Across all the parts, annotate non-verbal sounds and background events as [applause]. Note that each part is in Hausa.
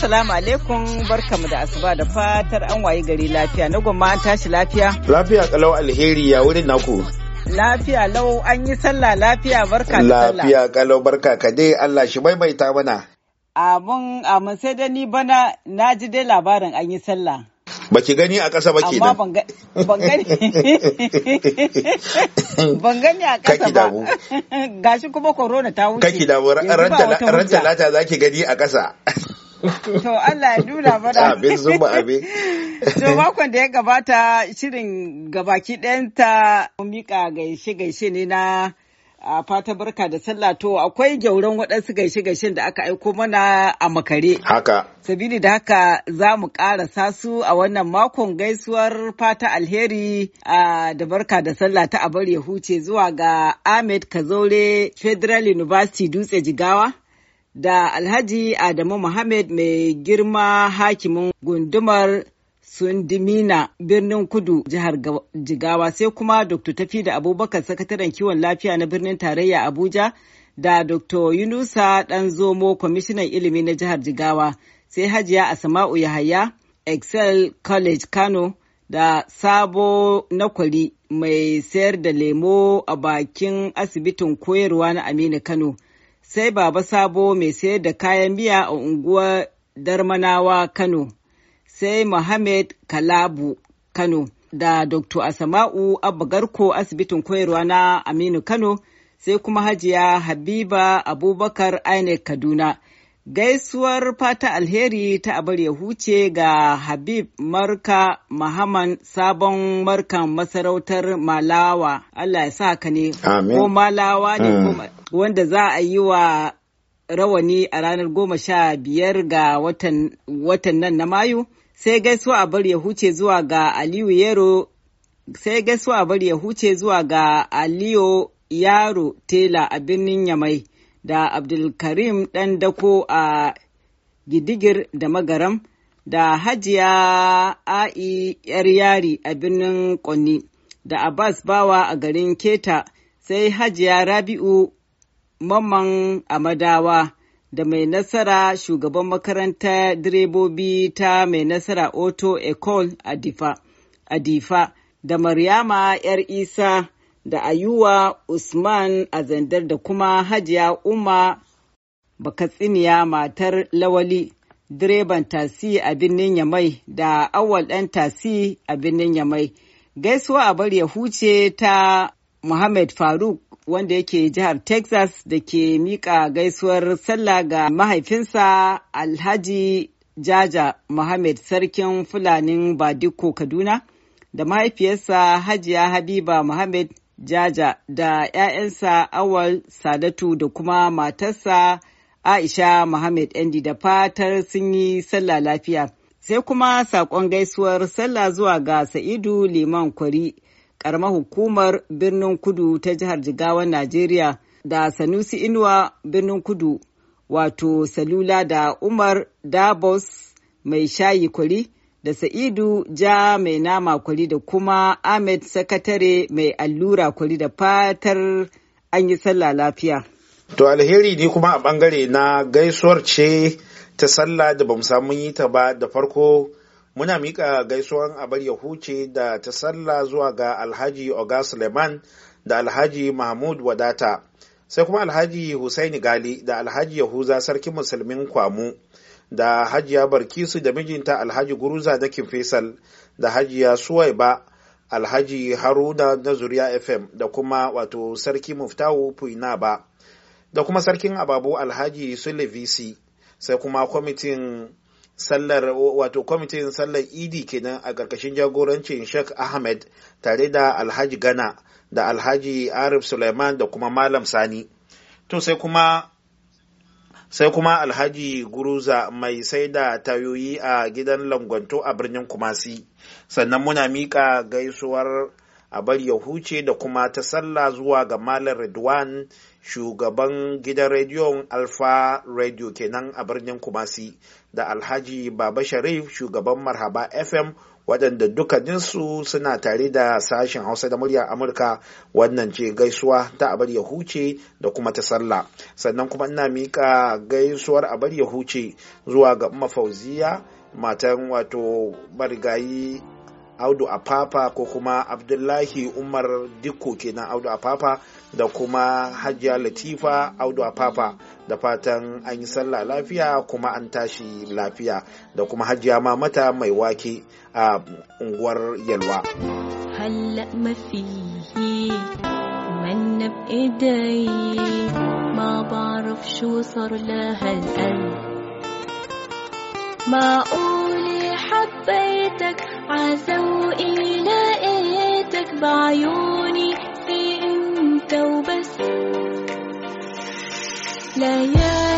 Assalamu alaikum barkamu da asuba da fatar an wayi gari lafiya na gwamma an tashi lafiya. Lafiya kalau alheri ya wurin naku. Lafiya lau an yi sallah lafiya barka da sallah. Lafiya kalau barka ka dai Allah shi maimaita mana. Abun amin sai da ni bana na ji dai labarin an yi sallah. Baki gani a ƙasa ba kenan. Amma ban gani. [laughs] Ban gani a ƙasa ba. [laughs] Gashi kuma corona ta wuce. Kaki damu ranta lata za ki gani a ƙasa. [laughs] To Allah ya nuna mana. Abin zuba abin. To makon da ya gabata shirin gabaki ɗayanta mika gaishe gaishe ne na a fata barka da sallah to akwai gyauran waɗansu gaishe gaishen da aka aiko mana a makare. Haka. Sabili da haka za mu ƙara sasu a wannan makon gaisuwar fata alheri da barka da sallah ta abar ya huce zuwa ga Ahmed Kazaure Federal University Dutse Jigawa. da Alhaji Adamu Muhammad mai girma hakimin gundumar Sundimina birnin kudu jihar Jigawa sai kuma Dr. Tafi da Abubakar sakataren kiwon lafiya na birnin tarayya Abuja da Dr. Yunusa Danzomo kwamishinan ilimi na jihar Jigawa sai Hajiya a Sama'u Yahaya Excel College Kano da Sabo Nakwari mai sayar da lemo a bakin asibitin koyarwa na Aminu Kano. sai Baba Sabo mai sayar da kayan miya a unguwar Darmanawa Kano, sai Mohammed Kalabu Kano da Dr. Asama'u abu Garko asibitin koyarwa na Aminu Kano, sai kuma Hajiya Habiba Abubakar Ainek Kaduna. Gaisuwar fata alheri ta abar ya huce ga Habib Marka Mahaman sabon markan masarautar Malawa. Allah ya sa ka ne, ko Malawa ne hmm. wanda za a yi wa rawani a ranar goma sha biyar ga watan, nan na Mayu. Sai gaisuwa a bar ya huce zuwa ga Aliyu Yaro. sai gaisuwa a bar ya huce zuwa ga Aliyu Yaro Tela a birnin Yamai. da Abdulkarim ɗan dako a Gidigir da Magaram da Hajiya A'i ‘yar yari a birnin Ƙonni da Abbas Bawa a garin Keta sai Hajiya Rabi'u Mamman Amadawa da mai nasara shugaban makaranta direbobi ta mai nasara Oto Ecole a Difa da Maryama ‘yar Isa. da Ayuwa Usman Azandar da kuma Hajiya Umma Bakatsiniya matar Lawali direban tasi a birnin Yamai da awal ɗan tasi a birnin Yamai. Gaisuwa a bari ya huce ta Muhammad Faruk wanda yake jihar Texas da ke miƙa gaisuwar sallah ga mahaifinsa Alhaji Jaja Muhammad Sarkin Fulanin Badiko Kaduna da mahaifiyarsa Hajiya Habiba Muhammad Jaja da 'ya'yansa Awal Sadatu da kuma matarsa Aisha Muhammad Endi da fatar sun yi sallah lafiya. Sai kuma saƙon gaisuwar sallah zuwa ga Sa'idu Liman Kwari, ƙaramar hukumar birnin kudu ta jihar Jigawan Najeriya da Sanusi Inuwa birnin kudu, wato Salula da Umar Dabos mai shayi kwari. da Sa'idu ja mai nama kwari da kuma Ahmed sakatare mai allura kwari da fatar an yi sallah lafiya. To alheri ni kuma a bangare na gaisuwar ce ta sallah da bamu samu yi ta ba da farko muna miƙa gaisuwan abar bar huce da ta sallah zuwa ga alhaji oga suleiman da alhaji mahmud wadata sai kuma alhaji husaini gali da alhaji yahuza sarkin musulmin kwamu da hajiya barkisu da mijinta alhaji guruza na faisal da hajiya suwaiba alhaji haruna na zuriya fm da kuma wato sarki muftawu ba da kuma sarkin ababu alhaji sulevisi sai kuma kwamitin sallar wato kwamitin sallar idi kenan a ƙarƙashin jagorancin sheikh ahmed tare da alhaji gana da alhaji arif suleiman da kuma malam sani to sai kuma sai kuma alhaji guruza mai sai da tayoyi a gidan langwanto a birnin kumasi sannan muna miƙa gaisuwar a bar da kuma ta sallah zuwa ga malam redwan shugaban gidan rediyon alfa radio kenan a birnin kumasi da alhaji baba sharif shugaban marhaba fm waɗanda dukkaninsu suna tare da sashen hausa da muryar amurka wannan ce gaisuwa ta abar ya huce da kuma ta sallah sannan kuma ina miƙa gaisuwar abar ya huce zuwa ga mafauziya matan wato marigayi audu apapa ko kuma abdullahi umar dikko kenan audu apapa da kuma hajiya latifa audu Apapa, da fatan an yi sallah lafiya kuma an tashi lafiya da kuma hajiya mamata mai wake a unguwar yalwa هلأ ما فيه منا بإيدي ما بعرف بعيوني انت وبس ليالي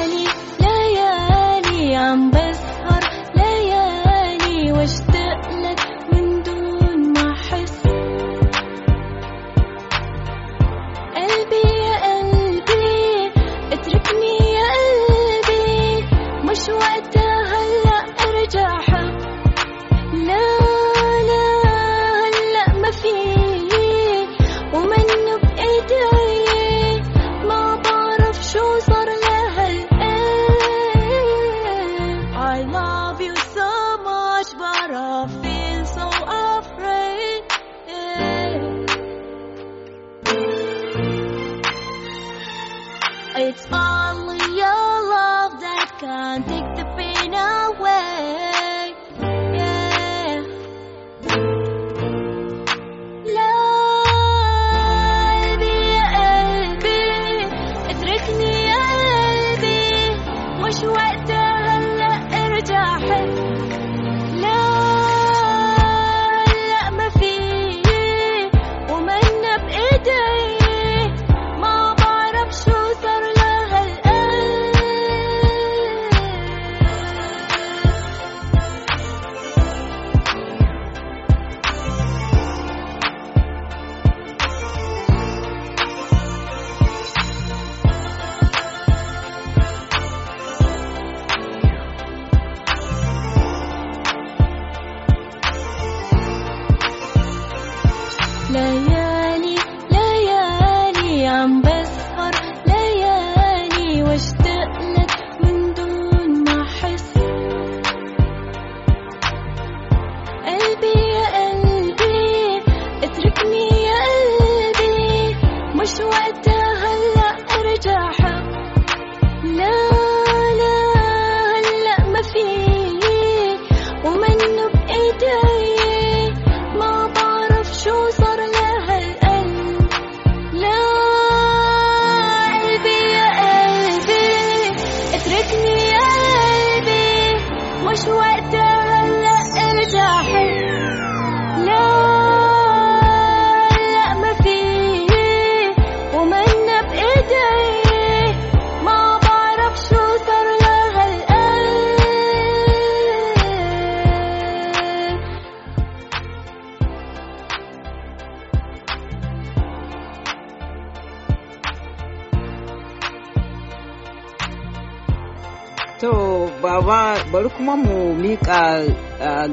kuma mu mika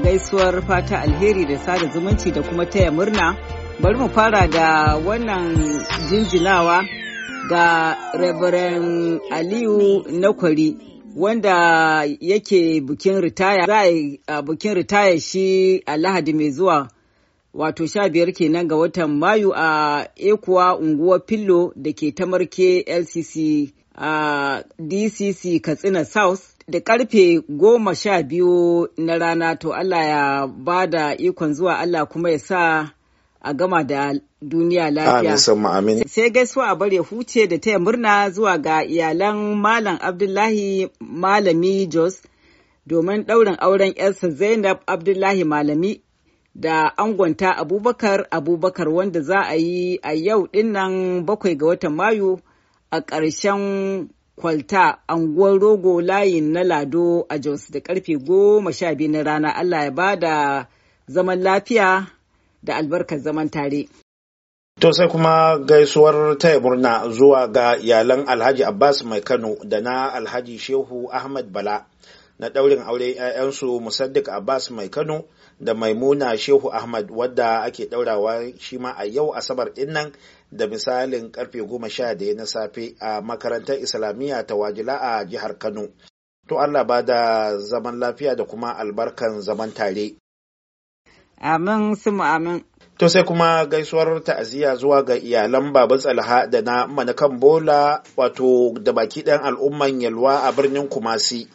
gaisuwar fata alheri da sada zumunci da kuma taya murna bari mu fara da wannan jinjinawa ga Reverend Aliyu na kwari wanda yake bukin ritaya za a bukin ritaya shi a lahadi mai zuwa wato sha biyar kenan ga watan mayu a ekuwa unguwa pillo da ke tamarke lcc a dcc katsina south da karfe goma sha biyu na rana to Allah ya ba da ikon zuwa Allah kuma ya sa a gama da duniya lafiya. Sai gaisuwa a bare huce da taya murna zuwa ga iyalan Malam Abdullahi Malami Jos domin ɗaurin auren yarsa Zainab Abdullahi Malami da angonta Abubakar Abubakar wanda za a yi a yau dinnan bakwai ga watan Mayu a ƙarshen kwalta anguwar rogo layin na lado a jos da karfe goma sha biyu na rana allah ya bada zaman lafiya da albarkar zaman tare To sai kuma gaisuwar taya murna zuwa ga iyalan Alhaji Abbas mai Kano da na Alhaji Shehu Ahmad Bala na ɗaurin aure 'ya'yansu Musaddiq Abbas mai Kano da Maimuna Shehu Ahmad wadda ake ɗaurawa shi ma a yau Asabar ɗinnan da misalin karfe goma sha daya na safe a makarantar islamiyya ta wajila a jihar kano to allah ba da zaman lafiya da kuma albarkan zaman tare amin sumu amin to sai kuma gaisuwar ta'aziyya zuwa ga iyalan baba tsalha da na manakan bola wato da baki ɗan al'umman yalwa a birnin kumasi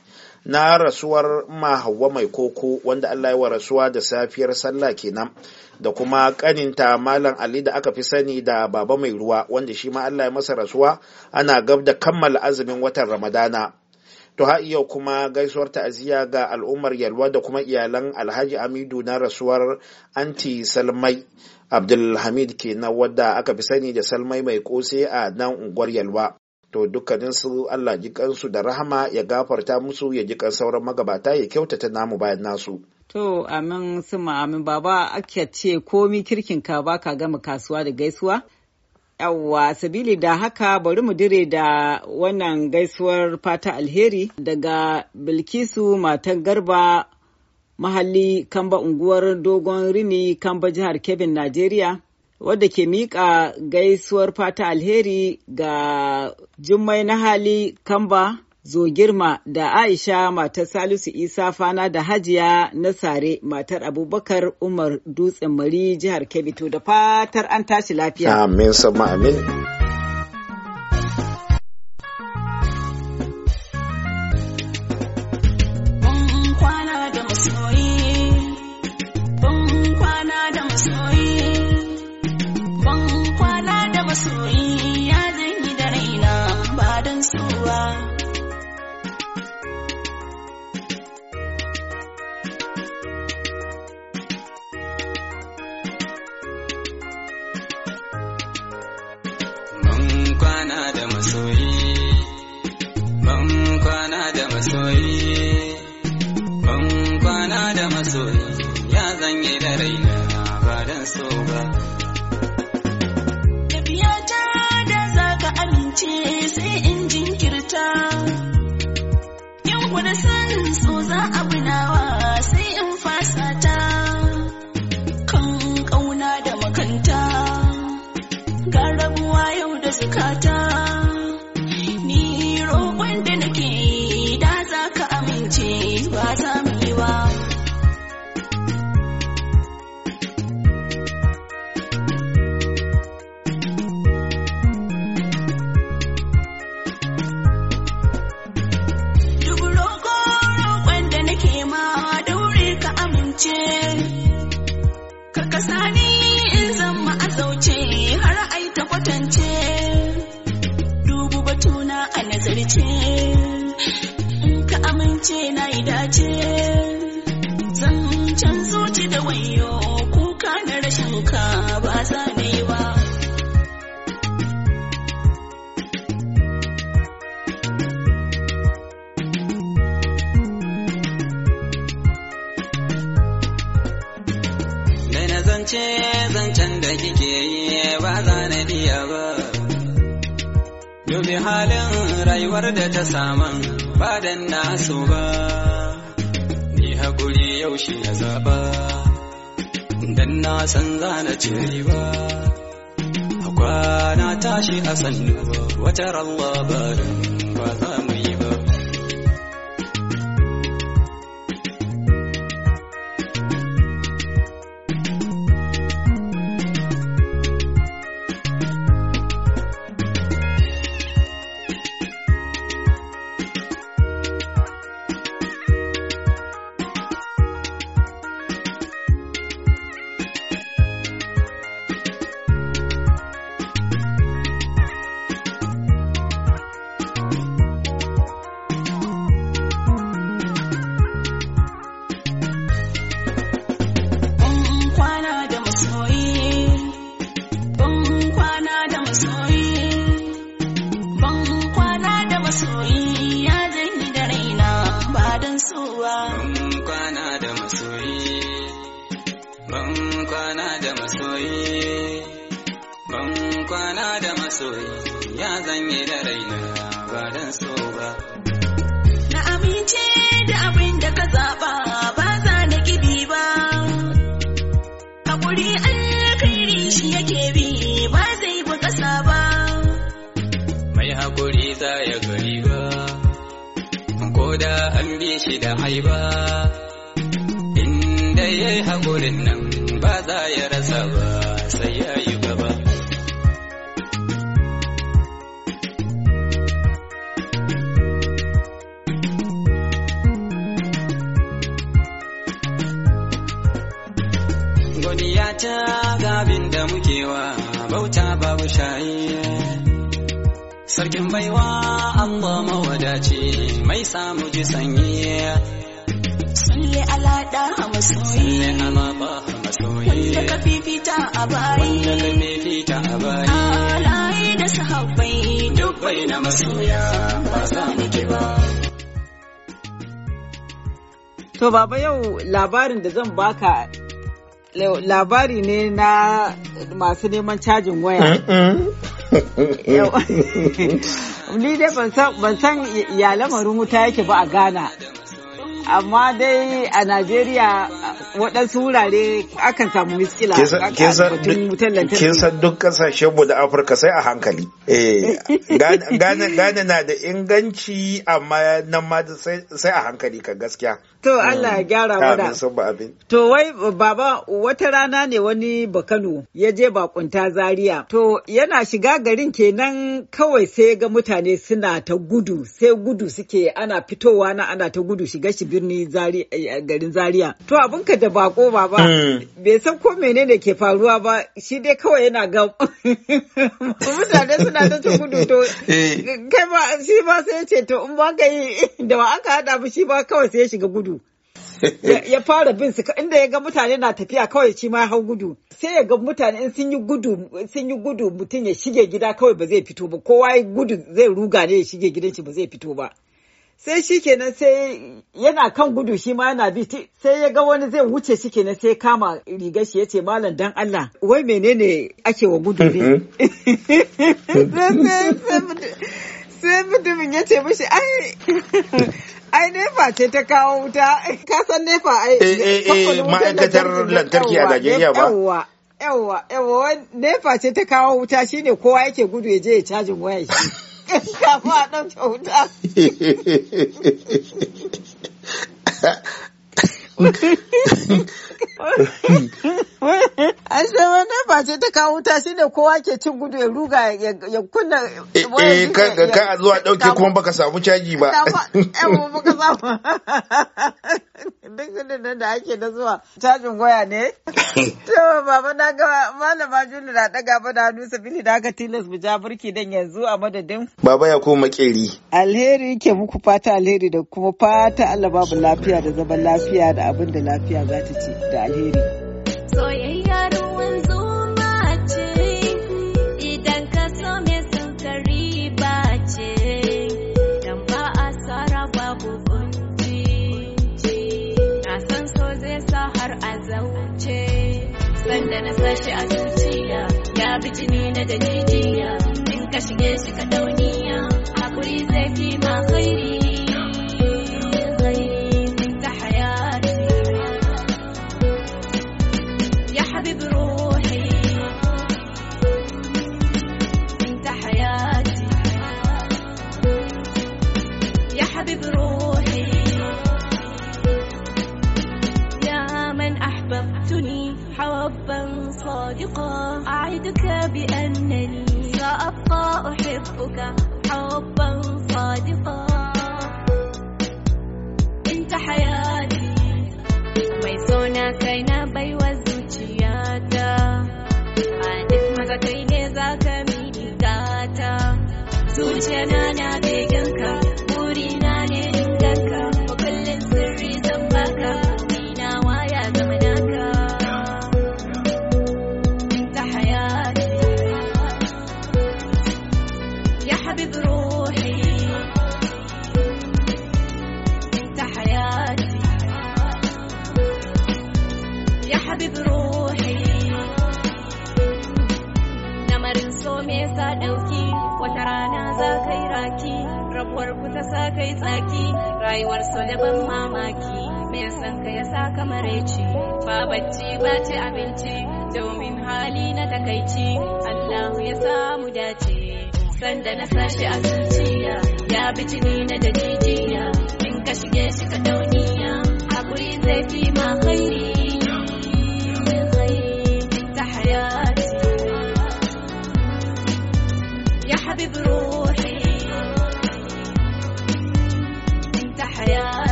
na rasuwar mahawa mai koko wanda Allah ya wa rasuwa da safiyar sallah kenan da kuma kaninta malam Ali da aka fi sani da baba mai ruwa wanda shi ma Allah ya masa rasuwa ana gab da kammala azumin watan Ramadana to har yau kuma gaisuwar ta'aziyya ga al'ummar Yalwa da kuma iyalan Alhaji Amidu na rasuwar anti Salmai Abdulhamid kenan wadda aka fi sani da Salmai mai kose a nan unguwar Yalwa to dukkaninsu Allah ji kansu da rahama ya gafarta musu ya ji kan sauran magabata ya kyautata namu bayan nasu. To amin suma amin baba ake ce komi kirkin ka baka gama kasuwa da gaisuwa? Yawwa sabili da haka bari mu dire da wannan gaisuwar fata alheri daga Bilkisu matan garba mahalli kamba unguwar dogon rini kamba jihar Kebbi Najeriya wadda ke miƙa gaisuwar fata alheri ga Jummai na hali Kamba Zogirma da Aisha matar Salisu Isa Fana da Hajiya na Sare matar Abubakar Umar Dutsen Mari jihar Kebito da fatar an tashi lafiya. Amin sama amin. na san zana ci riba kwana tashi a sannu wata Allah barin ba za sobra. mu ji sanye Salle alaɗa a masoyi Salle amaba a masoyi Wanda ka fifita a bayi Wanda ka fifita a bayi Alayi da sahabbai bai na masoya ba za mu ki ba To baba yau labarin da zan baka labari ne na masu neman cajin waya. [laughs] ni dai ban san ya lamarin wuta yake ba a Ghana. Amma dai a Najeriya waɗansu wurare akan samu miskila kin san duk kasashen mu da afirka sai a hankali eh, gane [laughs] na da inganci amma nan ma sai a hankali ka gaskiya to allah ya gyara wada to wai baba wata rana ne wani bakano ya je bakunta zaria to yana shiga garin kenan kawai sai ga mutane suna ta gudu sai gudu suke ana fitowa na ana ta gudu shiga shi birni eh, garin zaria to abin hanka da bako ba ba mm. bai san ko menene ke faruwa ba shi dai kawai yana ga [laughs] mutane suna ta ta gudu to eh. kai ba shi ba sai ce to in ba ka yi [laughs] da ba aka hada ba shi ba kawai sai ya shiga gudu ya fara bin su inda ya ga mutane na tafiya kawai shi ma hau gudu sai ya ga mutane in sun yi gudu sun yi gudu mutum ya shige gida kawai ba zai fito ba kowa gudu zai ruga ne ya shige gidan shi ba zai fito ba sai shi kenan sai yana kan gudu shi ma yana bi sai ya ga wani zai wuce shi kenan sai kama rigar shi ya ce malam dan Allah wai menene ake wa gudu ne mm-hmm. [laughs] sai mutumin ya ce mishi ai ai nefa ce ta kawo wuta [laughs] ka san nefa ai eh, eh, eh, ma'aikatar lantarki a Najeriya ba yawwa yawwa nefa ce ta kawo wuta shine kowa yake gudu ya je ya cajin waya shi [laughs] 干嘛弄臭的？嘿嘿嘿嘿嘿嘿嘿，嘿嘿嘿嘿。An san wani face ta kawo wuta shi ne kowa ke cin gudu ya ruga ya kunna. Eh, eh kan a zuwa ɗauke kuma baka samu caji ba. baka samu. Duk gudun da ake da zuwa cajin waya ne. [laughs] To baba na ga malama Julu na daga ba da nusa, sabili da aka tilas mu ja burki dan yanzu a madadin. Baba ya koma makeri. Alheri ke muku fata alheri da kuma fata Allah babu lafiya da zaman lafiya da abin da lafiya za ta ci da alheri soyayya ruwan zuma ce idan ka so me sun kari ba ce dan ba asara babu kunci na san so zai sa har a zauce sanda na sashi a zuciya ya bi jini na da jijiya in ka shige shi ka dauniya hakuri zai fi ma khairi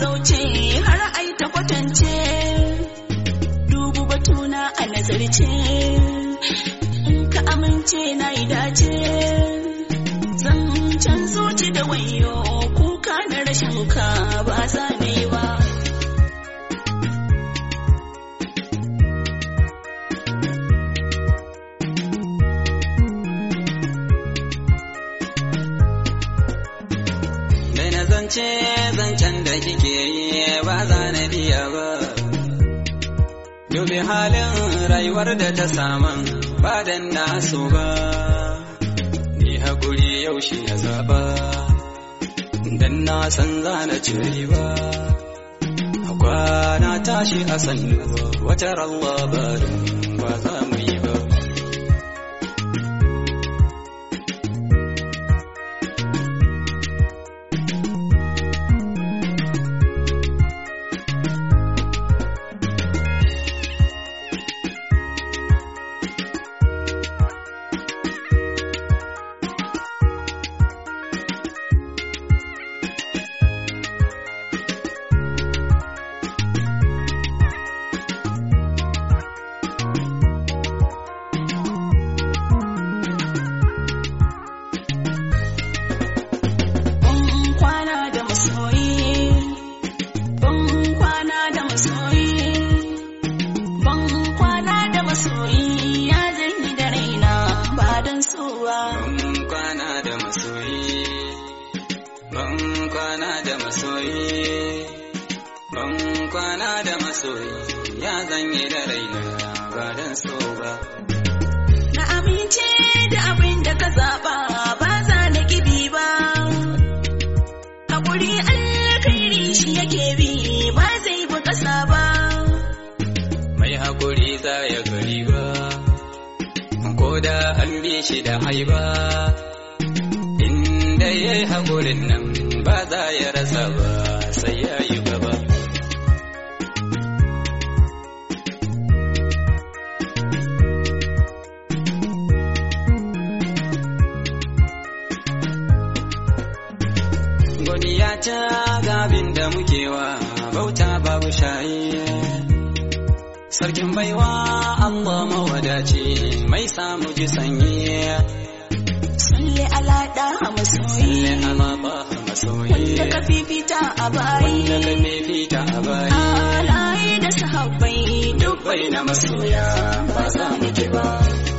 zauce har ai ta kwatance dubu batuna a nazarce in ka amince na rayuwar da ta saman ba dan na ba ni hakuri yaushe ya zaba dan na san zana ciri ba kwana tashi a sannu wata Allah ba kada ya rasa ba sai ya yi gaba ya ta gabin da muke wa bauta babu shayi sarkin baiwa Allah mawadaci mai samu ji sanyi salli ala da masoyi salli ala ba wanda ka fifita a bayi alaye da sahabbai dubbai na masoya ba za mu ki ba